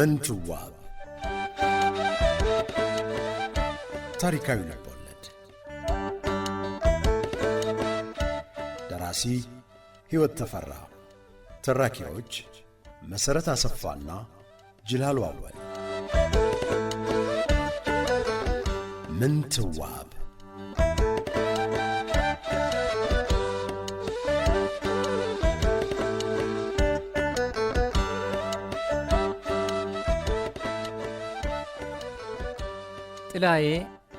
ምንትዋብ ታሪካዊ ልቦለድ ደራሲ ሕይወት ተፈራ፣ ተራኪዎች መሠረት አሰፋና ጅላሉ አወል። ምንትዋብ ጥላዬ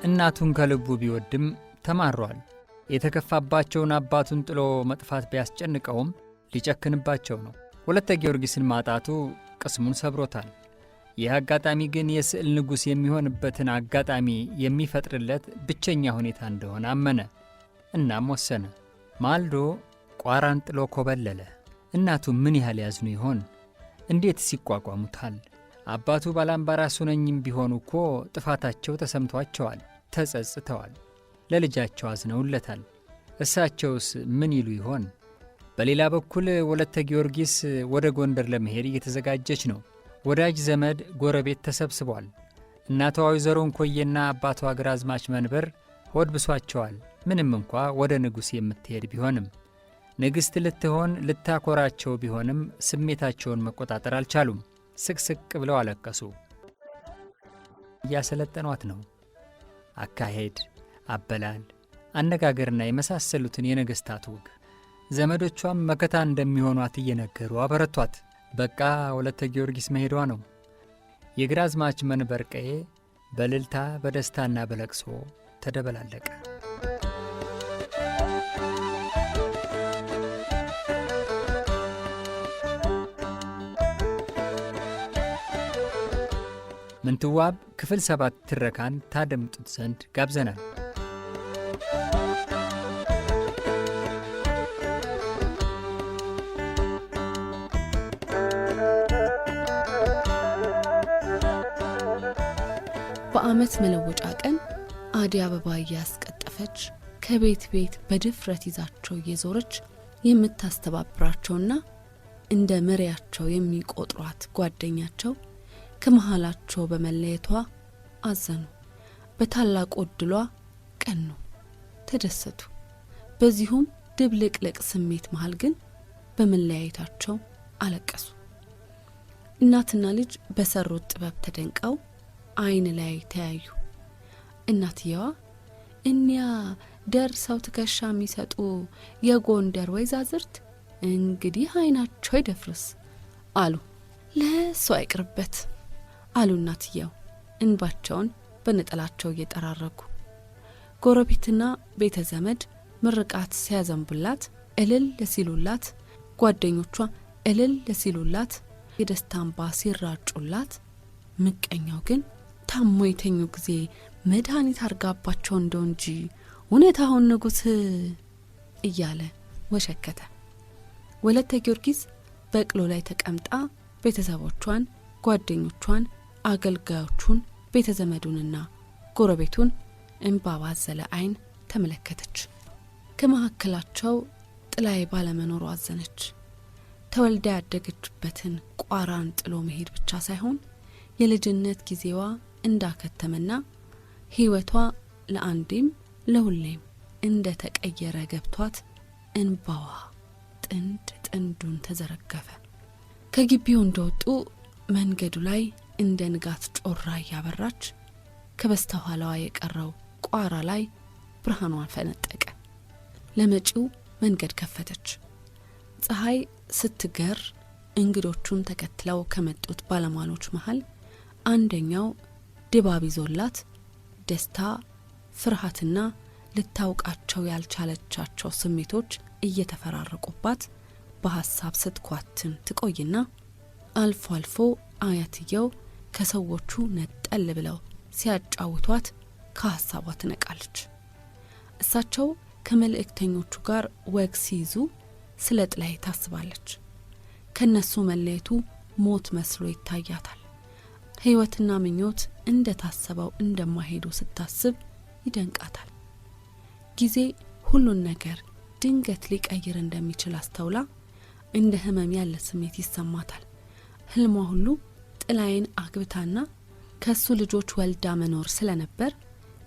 እናቱን ከልቡ ቢወድም ተማሯል። የተከፋባቸውን አባቱን ጥሎ መጥፋት ቢያስጨንቀውም ሊጨክንባቸው ነው። ወለተ ጊዮርጊስን ማጣቱ ቅስሙን ሰብሮታል። ይህ አጋጣሚ ግን የስዕል ንጉሥ የሚሆንበትን አጋጣሚ የሚፈጥርለት ብቸኛ ሁኔታ እንደሆነ አመነ። እናም ወሰነ። ማልዶ ቋራን ጥሎ ኮበለለ። እናቱ ምን ያህል ያዝኑ ይሆን? እንዴትስ ይቋቋሙታል? አባቱ ባላምባራሱ ነኝም ቢሆኑ እኮ ጥፋታቸው ተሰምቷቸዋል፣ ተጸጽተዋል፣ ለልጃቸው አዝነውለታል። እሳቸውስ ምን ይሉ ይሆን? በሌላ በኩል ወለተ ጊዮርጊስ ወደ ጎንደር ለመሄድ እየተዘጋጀች ነው። ወዳጅ ዘመድ፣ ጎረቤት ተሰብስቧል። እናቷ ወይዘሮ እንኮዬና አባቷ አዝማች መንበር ሆድ ብሷቸዋል። ምንም እንኳ ወደ ንጉሥ የምትሄድ ቢሆንም ንግሥት ልትሆን ልታኮራቸው ቢሆንም ስሜታቸውን መቆጣጠር አልቻሉም። ስቅስቅ ብለው አለቀሱ። እያሰለጠኗት ነው። አካሄድ፣ አበላል፣ አነጋገርና የመሳሰሉትን የነገሥታት ውግ ዘመዶቿም መከታ እንደሚሆኗት እየነገሩ አበረቷት። በቃ ወለተ ጊዮርጊስ መሄዷ ነው። የግራዝማች መንበር ቀዬ በእልልታ በደስታና በለቅሶ ተደበላለቀ። ምንትዋብ ክፍል ሰባት ትረካን ታደምጡት ዘንድ ጋብዘናል። በዓመት መለወጫ ቀን አዲ አበባ እያስቀጠፈች ከቤት ቤት በድፍረት ይዛቸው እየዞረች የምታስተባብራቸውና እንደ መሪያቸው የሚቆጥሯት ጓደኛቸው ከመሃላቸው በመለየቷ አዘኑ። በታላቅ ዕድሏ ቀኑ፣ ተደሰቱ። በዚሁም ድብልቅልቅ ስሜት መሃል ግን በመለያየታቸው አለቀሱ። እናትና ልጅ በሰሩት ጥበብ ተደንቀው አይን ላይ ተያዩ። እናትየዋ እኒያ ደርሰው ትከሻ የሚሰጡ የጎንደር ወይዛዝርት እንግዲህ አይናቸው ይደፍርስ አሉ። ለሱ አይቅርበት። አሉ እናትየው እንባቸውን በነጠላቸው እየጠራረጉ። ጎረቤትና ቤተ ዘመድ ምርቃት ሲያዘንቡላት እልል ሲሉላት፣ ጓደኞቿ እልል ሲሉላት፣ የደስታ እንባ ሲራጩላት፣ ምቀኛው ግን ታሞ የተኙ ጊዜ መድኃኒት አርጋባቸው እንደው እንጂ አሁን ንጉሥ እያለ ወሸከተ። ወለተ ጊዮርጊስ በቅሎ ላይ ተቀምጣ ቤተሰቦቿን ጓደኞቿን አገልጋዮቹን፣ ቤተ ዘመዱንና ጎረቤቱን እንባባዘለ አይን ተመለከተች። ከመካከላቸው ጥላዬ ባለመኖሩ አዘነች። ተወልዳ ያደገችበትን ቋራን ጥሎ መሄድ ብቻ ሳይሆን የልጅነት ጊዜዋ እንዳከተመና ሕይወቷ ለአንዴም ለሁሌም እንደ ተቀየረ ገብቷት እንባዋ ጥንድ ጥንዱን ተዘረገፈ። ከግቢው እንደወጡ መንገዱ ላይ እንደ ንጋት ጮራ እያበራች ከበስተኋላዋ የቀረው ቋራ ላይ ብርሃኗን ፈነጠቀ። ለመጪው መንገድ ከፈተች። ፀሐይ ስትገር እንግዶቹን ተከትለው ከመጡት ባለሟሎች መሃል አንደኛው ድባብ ይዞላት ደስታ፣ ፍርሃትና ልታውቃቸው ያልቻለቻቸው ስሜቶች እየተፈራረቁባት በሀሳብ ስትኳትን ትቆይና አልፎ አልፎ አያትየው ከሰዎቹ ነጠል ብለው ሲያጫውቷት ከሀሳቧ ትነቃለች። እሳቸው ከመልእክተኞቹ ጋር ወግ ሲይዙ ስለ ጥላይ ታስባለች። ከእነሱ መለየቱ ሞት መስሎ ይታያታል። ሕይወትና ምኞት እንደ ታሰበው እንደማይሄዱ ስታስብ ይደንቃታል። ጊዜ ሁሉን ነገር ድንገት ሊቀይር እንደሚችል አስተውላ እንደ ህመም ያለ ስሜት ይሰማታል። ህልሟ ሁሉ ጥላዬን አግብታና ከሱ ልጆች ወልዳ መኖር ስለነበር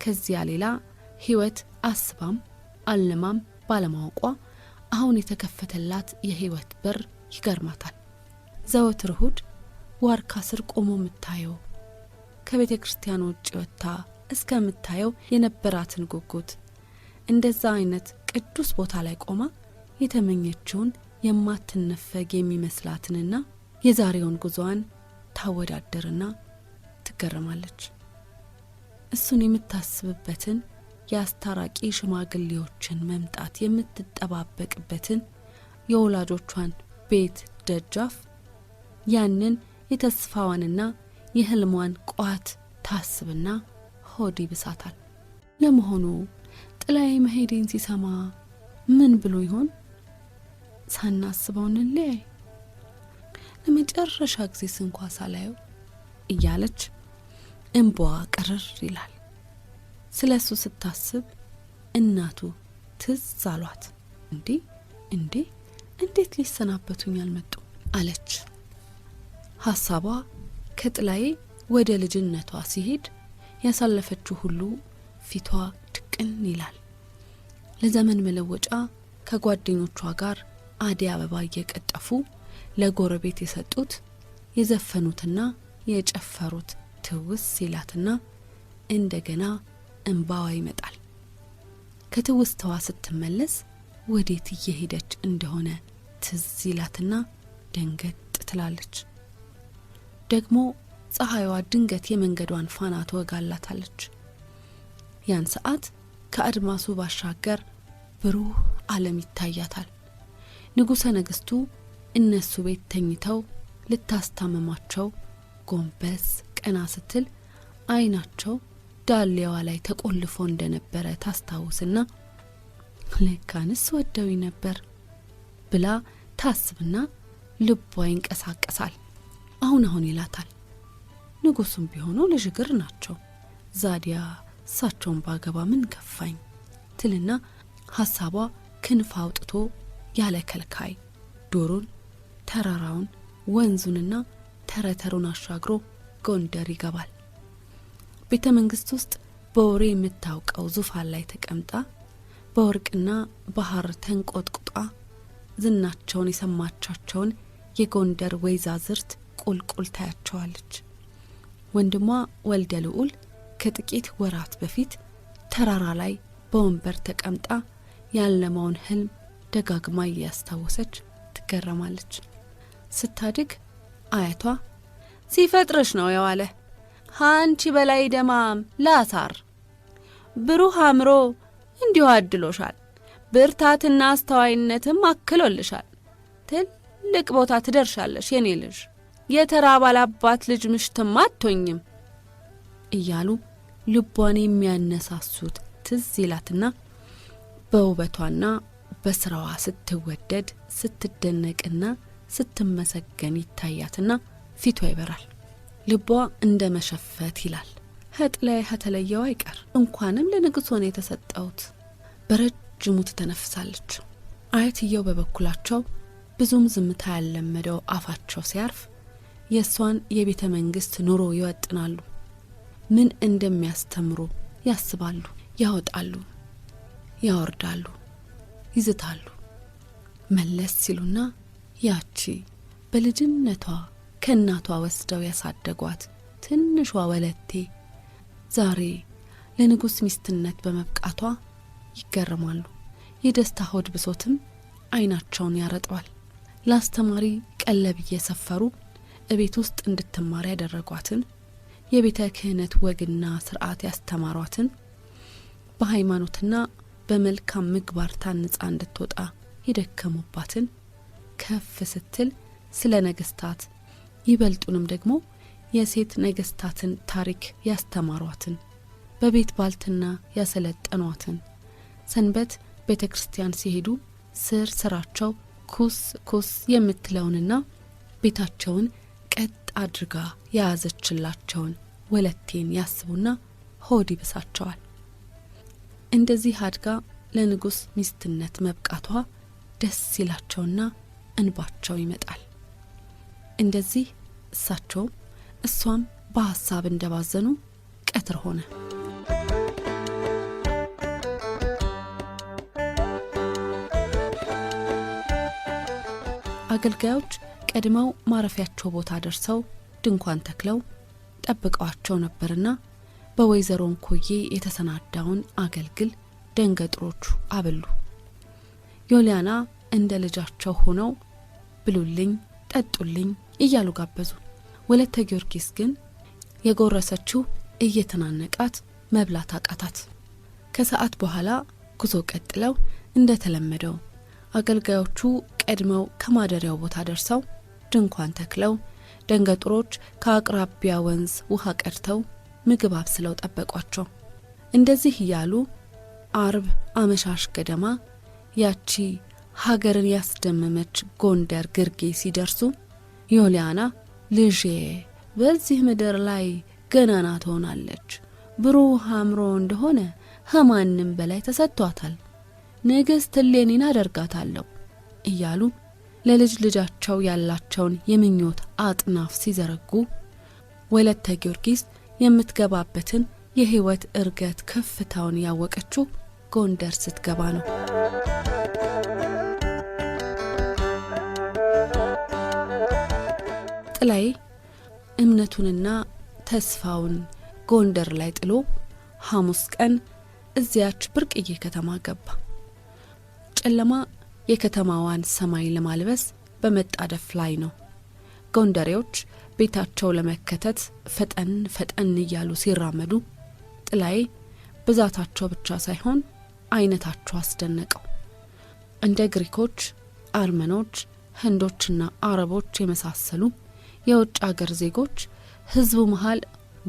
ከዚያ ሌላ ህይወት አስባም አልማም ባለማወቋ አሁን የተከፈተላት የህይወት በር ይገርማታል። ዘወትር እሁድ ዋርካ ስር ቆሞ የምታየው ከቤተ ክርስቲያን ውጭ ወጥታ እስከምታየው የነበራትን ጉጉት እንደዛ አይነት ቅዱስ ቦታ ላይ ቆማ የተመኘችውን የማትነፈግ የሚመስላትንና የዛሬውን ጉዞዋን ታወዳደርና ትገረማለች። እሱን የምታስብበትን የአስታራቂ ሽማግሌዎችን መምጣት የምትጠባበቅበትን የወላጆቿን ቤት ደጃፍ ያንን የተስፋዋንና የህልሟን ቋት ታስብና ሆድ ይብሳታል። ለመሆኑ ጥላዬ መሄዴን ሲሰማ ምን ብሎ ይሆን? ሳናስበውን እንለያይ። ለመጨረሻ ጊዜ ስንኳ ሳላየው እያለች እንቧ ቅርር ይላል። ስለ እሱ ስታስብ እናቱ ትዝ አሏት። እንዴ እንዴ እንዴት ሊሰናበቱኝ አልመጡ አለች። ሀሳቧ ከጥላዬ ወደ ልጅነቷ ሲሄድ ያሳለፈችው ሁሉ ፊቷ ድቅን ይላል። ለዘመን መለወጫ ከጓደኞቿ ጋር አደይ አበባ እየቀጠፉ ለጎረቤት የሰጡት የዘፈኑትና የጨፈሩት ትውስ ሲላትና እንደገና እንባዋ ይመጣል። ከትውስተዋ ስትመለስ ወዴት እየሄደች እንደሆነ ትዝ ይላትና ደንገጥ ትላለች። ደግሞ ፀሐይዋ ድንገት የመንገዷን ፋና ትወጋላታለች። ያን ሰዓት ከአድማሱ ባሻገር ብሩህ ዓለም ይታያታል። ንጉሠ ነገሥቱ እነሱ ቤት ተኝተው ልታስታመማቸው ጎንበስ ቀና ስትል አይናቸው ዳሌዋ ላይ ተቆልፎ እንደነበረ ታስታውስና ልካንስ ወደዊ ነበር ብላ ታስብና ልቧ ይንቀሳቀሳል። አሁን አሁን ይላታል። ንጉሱም ቢሆኑ ልጅግር ናቸው። ዛዲያ እሳቸውን ባገባ ምን ከፋኝ ትልና ሀሳቧ ክንፍ አውጥቶ ያለ ከልካይ ዶሮን ተራራውን ወንዙንና ተረተሩን አሻግሮ ጎንደር ይገባል። ቤተ መንግስት ውስጥ በወሬ የምታውቀው ዙፋን ላይ ተቀምጣ በወርቅና ባህር ተንቆጥቁጣ ዝናቸውን የሰማቻቸውን የጎንደር ወይዛዝርት ቁልቁል ታያቸዋለች። ወንድሟ ወልደ ልዑል ከጥቂት ወራት በፊት ተራራ ላይ በወንበር ተቀምጣ ያለመውን ህልም ደጋግማ እያስታወሰች ትገረማለች። ስታድግ አያቷ ሲፈጥርሽ ነው የዋለ አንቺ በላይ ደማም ላሳር ብሩህ አእምሮ እንዲሁ አድሎሻል። ብርታትና አስተዋይነትም አክሎልሻል። ትልቅ ቦታ ትደርሻለሽ የኔ ልጅ፣ የተራ ባላባት ልጅ ምሽትም አቶኝም እያሉ ልቧን የሚያነሳሱት ትዝ ይላትና በውበቷና በስራዋ ስትወደድ ስትደነቅና ስትመሰገን ይታያትና ፊቷ ይበራል፣ ልቧ እንደ መሸፈት ይላል። ህጥ ላይ ከተለየው አይቀር እንኳንም ለንጉሥ ሆነ የተሰጠውት በረጅሙ ትተነፍሳለች። አያትየው በበኩላቸው ብዙም ዝምታ ያለመደው አፋቸው ሲያርፍ የእሷን የቤተ መንግሥት ኑሮ ይወጥናሉ። ምን እንደሚያስተምሩ ያስባሉ፣ ያወጣሉ፣ ያወርዳሉ፣ ይዝታሉ። መለስ ሲሉና ያቺ በልጅነቷ ከእናቷ ወስደው ያሳደጓት ትንሿ ወለቴ ዛሬ ለንጉሥ ሚስትነት በመብቃቷ ይገርማሉ። የደስታ ሆድ ብሶትም አይናቸውን ያረጠዋል። ለአስተማሪ ቀለብ እየሰፈሩ እቤት ውስጥ እንድትማር ያደረጓትን የቤተ ክህነት ወግና ስርዓት ያስተማሯትን በሃይማኖትና በመልካም ምግባር ታንጻ እንድትወጣ የደከሙባትን ከፍ ስትል ስለ ነገስታት ይበልጡንም ደግሞ የሴት ነገስታትን ታሪክ ያስተማሯትን በቤት ባልትና ያሰለጠኗትን ሰንበት ቤተ ክርስቲያን ሲሄዱ ስር ስራቸው ኩስ ኩስ የምትለውንና ቤታቸውን ቀጥ አድርጋ የያዘችላቸውን ወለቴን ያስቡና ሆድ ይብሳቸዋል። እንደዚህ አድጋ ለንጉሥ ሚስትነት መብቃቷ ደስ ይላቸውና እንባቸው ይመጣል። እንደዚህ እሳቸውም እሷም በሀሳብ እንደባዘኑ ቀትር ሆነ። አገልጋዮች ቀድመው ማረፊያቸው ቦታ ደርሰው ድንኳን ተክለው ጠብቀዋቸው ነበርና በወይዘሮ እንኮዬ የተሰናዳውን አገልግል ደንገጥሮቹ አበሉ። ዮልያና እንደ ልጃቸው ሆነው ብሉልኝ፣ ጠጡልኝ እያሉ ጋበዙ። ወለተ ጊዮርጊስ ግን የጎረሰችው እየተናነቃት መብላት አቃታት። ከሰዓት በኋላ ጉዞ ቀጥለው እንደተለመደው አገልጋዮቹ ቀድመው ከማደሪያው ቦታ ደርሰው ድንኳን ተክለው ደንገጡሮች ከአቅራቢያ ወንዝ ውሃ ቀድተው ምግብ አብስለው ጠበቋቸው። እንደዚህ እያሉ አርብ አመሻሽ ገደማ ያቺ ሀገርን ያስደመመች ጎንደር ግርጌ ሲደርሱ ዮልያና ልዤ በዚህ ምድር ላይ ገናና ትሆናለች፣ ብሩህ አእምሮ እንደሆነ ከማንም በላይ ተሰጥቷታል፣ ንግሥት እሌኒን አደርጋታለሁ እያሉ ለልጅ ልጃቸው ያላቸውን የምኞት አጥናፍ ሲዘረጉ ወለተ ጊዮርጊስ የምትገባበትን የህይወት እርገት ከፍታውን ያወቀችው ጎንደር ስትገባ ነው። ላይ እምነቱንና ተስፋውን ጎንደር ላይ ጥሎ ሐሙስ ቀን እዚያች ብርቅዬ ከተማ ገባ። ጨለማ የከተማዋን ሰማይ ለማልበስ በመጣደፍ ላይ ነው። ጎንደሬዎች ቤታቸው ለመከተት ፈጠን ፈጠን እያሉ ሲራመዱ ጥላይ ብዛታቸው ብቻ ሳይሆን አይነታቸው አስደነቀው። እንደ ግሪኮች፣ አርመኖች፣ ህንዶችና አረቦች የመሳሰሉ የውጭ አገር ዜጎች ህዝቡ መሃል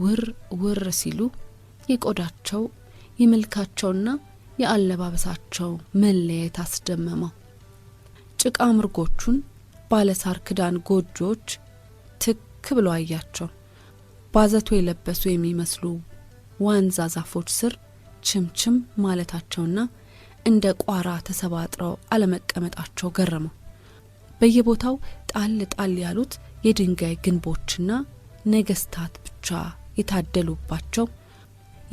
ውር ውር ሲሉ የቆዳቸው የመልካቸውና የአለባበሳቸው መለየት አስደመመው። ጭቃ ምርጎቹን ባለሳር ክዳን ጎጆዎች ትክ ብሎ አያቸው። ባዘቶ የለበሱ የሚመስሉ ዋንዛ ዛፎች ስር ችምችም ማለታቸውና እንደ ቋራ ተሰባጥረው አለመቀመጣቸው ገረመው። በየቦታው ጣል ጣል ያሉት የድንጋይ ግንቦችና ነገስታት ብቻ የታደሉባቸው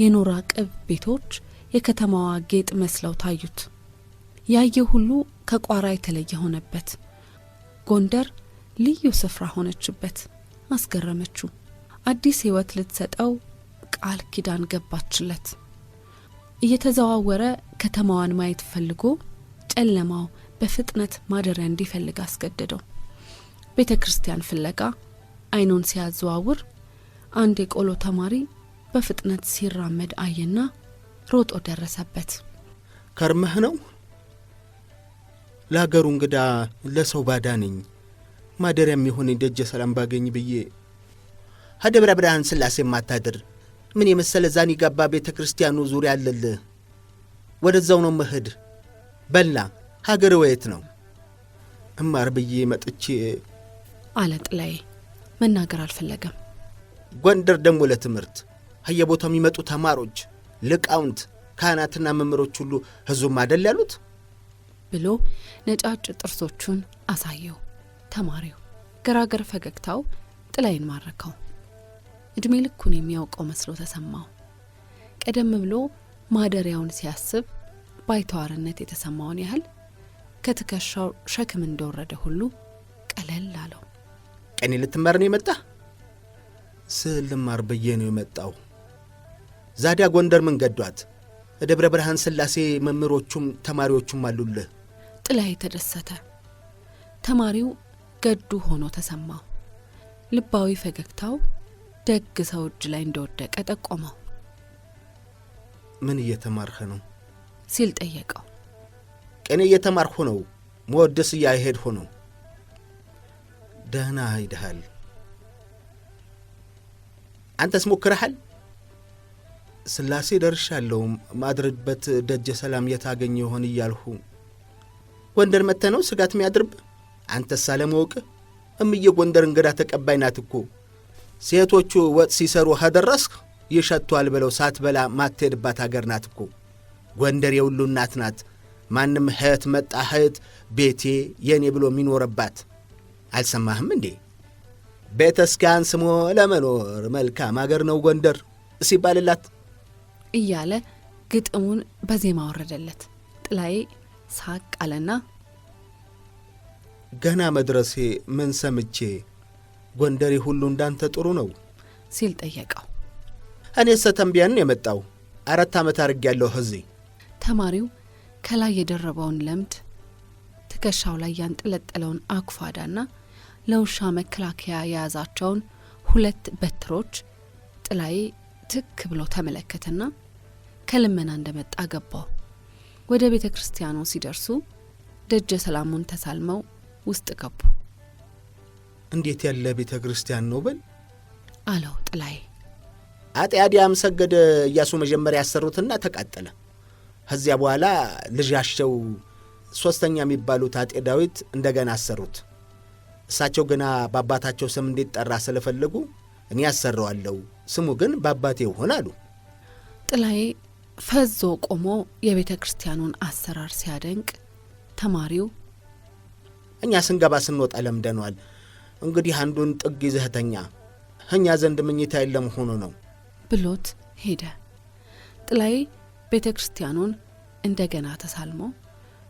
የኖራ ቅብ ቤቶች የከተማዋ ጌጥ መስለው ታዩት። ያየ ሁሉ ከቋራ የተለየ ሆነበት። ጎንደር ልዩ ስፍራ ሆነችበት፣ አስገረመችው። አዲስ ሕይወት ልትሰጠው ቃል ኪዳን ገባችለት። እየተዘዋወረ ከተማዋን ማየት ፈልጎ ጨለማው በፍጥነት ማደሪያ እንዲፈልግ አስገደደው። ቤተ ክርስቲያን ፍለጋ አይኑን ሲያዘዋውር አንድ የቆሎ ተማሪ በፍጥነት ሲራመድ አየና ሮጦ ደረሰበት። ከርመህ ነው? ለአገሩ እንግዳ ለሰው ባዳ ነኝ ማደሪያም የሚሆነኝ ደጀ ሰላም ባገኝ ብዬ ሀደብረ ብርሃን ስላሴ ማታድር ምን የመሰለ ዛኒ ጋባ ቤተ ክርስቲያኑ ዙሪያ አለልህ። ወደዛው ነው መሄድ። በላ ሀገር ወየት ነው እማር ብዬ መጥቼ አለ ጥላዬ። መናገር አልፈለገም። ጎንደር ደግሞ ለትምህርት ከየቦታው የሚመጡ ተማሪዎች፣ ልቃውንት፣ ካህናትና መምህሮች ሁሉ ህዝቡም አደል ያሉት ብሎ ነጫጭ ጥርሶቹን አሳየው። ተማሪው ገራገር ፈገግታው ጥላዬን ማረከው። እድሜ ልኩን የሚያውቀው መስሎ ተሰማው። ቀደም ብሎ ማደሪያውን ሲያስብ ባይተዋርነት የተሰማውን ያህል ከትከሻው ሸክም እንደወረደ ሁሉ ቀለል አለው። ቀኔ ልትማር ነው የመጣ? ስዕል ልማር ብዬ ነው የመጣው። ዛዲያ ጎንደር ምን ገዷት? ደብረ ብርሃን ስላሴ መምህሮቹም ተማሪዎቹም አሉልህ። ጥላዬ ተደሰተ። ተማሪው ገዱ ሆኖ ተሰማው። ልባዊ ፈገግታው ደግ ሰው እጅ ላይ እንደወደቀ ጠቆመው። ምን እየተማርህ ነው ሲል ጠየቀው። ቀኔ እየተማርሁ ነው፣ መወድስ እያሄድሁ ነው ደህና ሂድሃል። አንተስ ሞክረሃል? ስላሴ ደርሻለሁም ማድርበት ደጀ ሰላም የታገኘ ይሆን እያልሁ ጎንደር መተ ነው ስጋት የሚያድርብ? አንተስ አለማወቅህ። እምየ ጎንደር እንግዳ ተቀባይ ናት እኮ ሴቶቹ ወጥ ሲሰሩ ከደረስክ ይሸቷል ብለው ሳት በላ ማትሄድባት አገር ናት እኮ ጎንደር የሁሉ እናት ናት። ማንም ህት መጣ እህት ቤቴ የእኔ ብሎ የሚኖረባት አልሰማህም እንዴ? ቤተስጋን ስሞ ለመኖር መልካም አገር ነው ጎንደር ሲባልላት እያለ ግጥሙን በዜማ ወረደለት። ጥላዬ ሳቅ አለና ገና መድረሴ ምን ሰምቼ ጎንደሬ ሁሉ እንዳንተ ጥሩ ነው ሲል ጠየቀው። እኔ ሰተንቢያን የመጣው አራት ዓመት ያለው እዚህ። ተማሪው ከላይ የደረበውን ለምድ ትከሻው ላይ ያንጠለጠለውን አኩፋዳና ለውሻ መከላከያ የያዛቸውን ሁለት በትሮች ጥላይ ትክ ብሎ ተመለከተና ከልመና እንደመጣ ገባው። ወደ ቤተ ክርስቲያኑ ሲደርሱ ደጀ ሰላሙን ተሳልመው ውስጥ ገቡ። እንዴት ያለ ቤተ ክርስቲያን ነው በል አለው ጥላይ። አጤ አዲያም ሰገደ እያሱ መጀመሪያ ያሰሩትና ተቃጠለ። ከዚያ በኋላ ልጃቸው ሶስተኛ የሚባሉት አጤ ዳዊት እንደገና አሰሩት። እሳቸው ገና በአባታቸው ስም እንዲጠራ ስለፈለጉ እኔ ያሰራዋለሁ፣ ስሙ ግን በአባቴ ይሆን አሉ። ጥላዬ ፈዞ ቆሞ የቤተ ክርስቲያኑን አሰራር ሲያደንቅ ተማሪው እኛ ስንገባ ስንወጣ ለምደኗል። እንግዲህ አንዱን ጥግ ይዘህተኛ እኛ ዘንድ ምኝታ የለም ሆኖ ነው ብሎት ሄደ። ጥላይ ቤተ ክርስቲያኑን እንደገና ተሳልሞ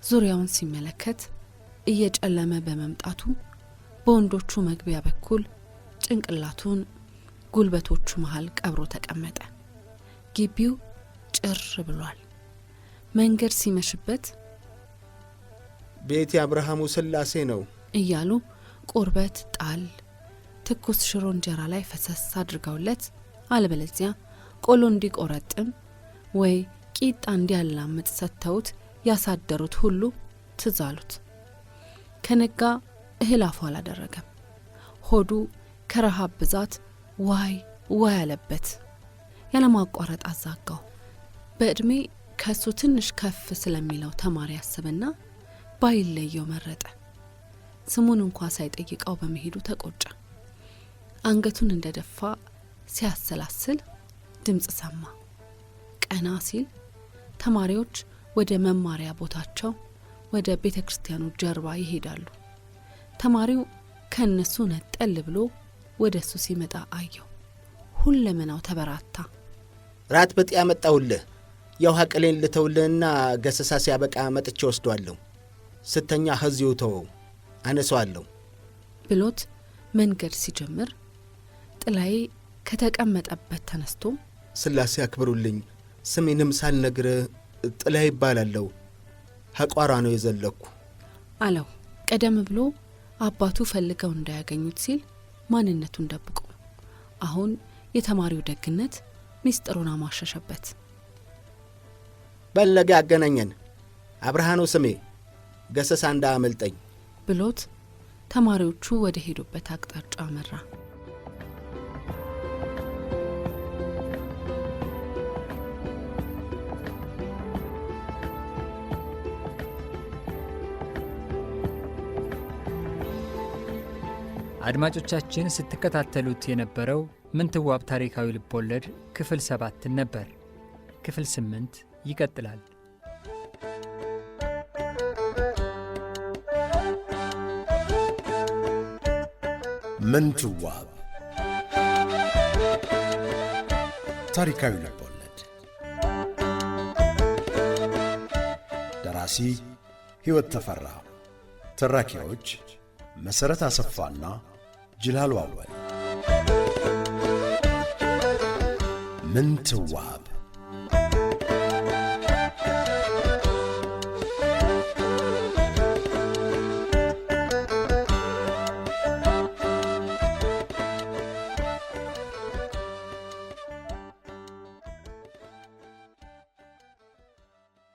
ዙሪያውን ሲመለከት እየጨለመ በመምጣቱ በወንዶቹ መግቢያ በኩል ጭንቅላቱን ጉልበቶቹ መሃል ቀብሮ ተቀመጠ። ግቢው ጭር ብሏል። መንገድ ሲመሽበት ቤት የአብርሃሙ ስላሴ ነው እያሉ ቁርበት ጣል፣ ትኩስ ሽሮ እንጀራ ላይ ፈሰስ አድርገውለት፣ አለበለዚያ ቆሎ እንዲቆረጥም ወይ ቂጣ እንዲያላምጥ ሰጥተውት ያሳደሩት ሁሉ ትዝ አሉት። ከነጋ እህል አፉ አላደረገም። ሆዱ ከረሃብ ብዛት ዋይ ዋይ አለበት። ያለማቋረጥ አዛጋው። በዕድሜ ከእሱ ትንሽ ከፍ ስለሚለው ተማሪ አስብና ባይለየው መረጠ። ስሙን እንኳ ሳይጠይቀው በመሄዱ ተቆጨ። አንገቱን እንደደፋ ሲያሰላስል ድምፅ ሰማ። ቀና ሲል ተማሪዎች ወደ መማሪያ ቦታቸው ወደ ቤተ ክርስቲያኑ ጀርባ ይሄዳሉ። ተማሪው ከእነሱ ነጠል ብሎ ወደ እሱ ሲመጣ አየው። ሁለመናው ተበራታ። ራት ብጥ ያመጣሁልህ የውሃ ቅሌን ልተውልህና ገሰሳ ሲያበቃ መጥቼ ወስዷለሁ። ስተኛ ህዚው ተወው አነሰዋለሁ ብሎት መንገድ ሲጀምር ጥላዬ ከተቀመጠበት ተነስቶ ስላሴ አክብሩልኝ፣ ስሜንም ሳልነግር ጥላዬ ይባላለሁ፣ ሐቋራ ነው የዘለኩ አለው። ቀደም ብሎ አባቱ ፈልገው እንዳያገኙት ሲል ማንነቱን ደብቆ አሁን የተማሪው ደግነት ሚስጥሩን አሟሸሸበት። በለጋ ያገናኘን አብርሃኑ ስሜ ገሰሳ እንዳያመልጠኝ ብሎት ተማሪዎቹ ወደ ሄዱበት አቅጣጫ አመራ። አድማጮቻችን ስትከታተሉት የነበረው ምንትዋብ ታሪካዊ ልቦለድ ክፍል ሰባትን ነበር። ክፍል ስምንት ይቀጥላል። ምንትዋብ ታሪካዊ ልቦለድ ደራሲ ሕይወት ተፈራ፣ ተራኪዎች መሠረት አሰፋና ጅላሉ አወል ምንትዋብ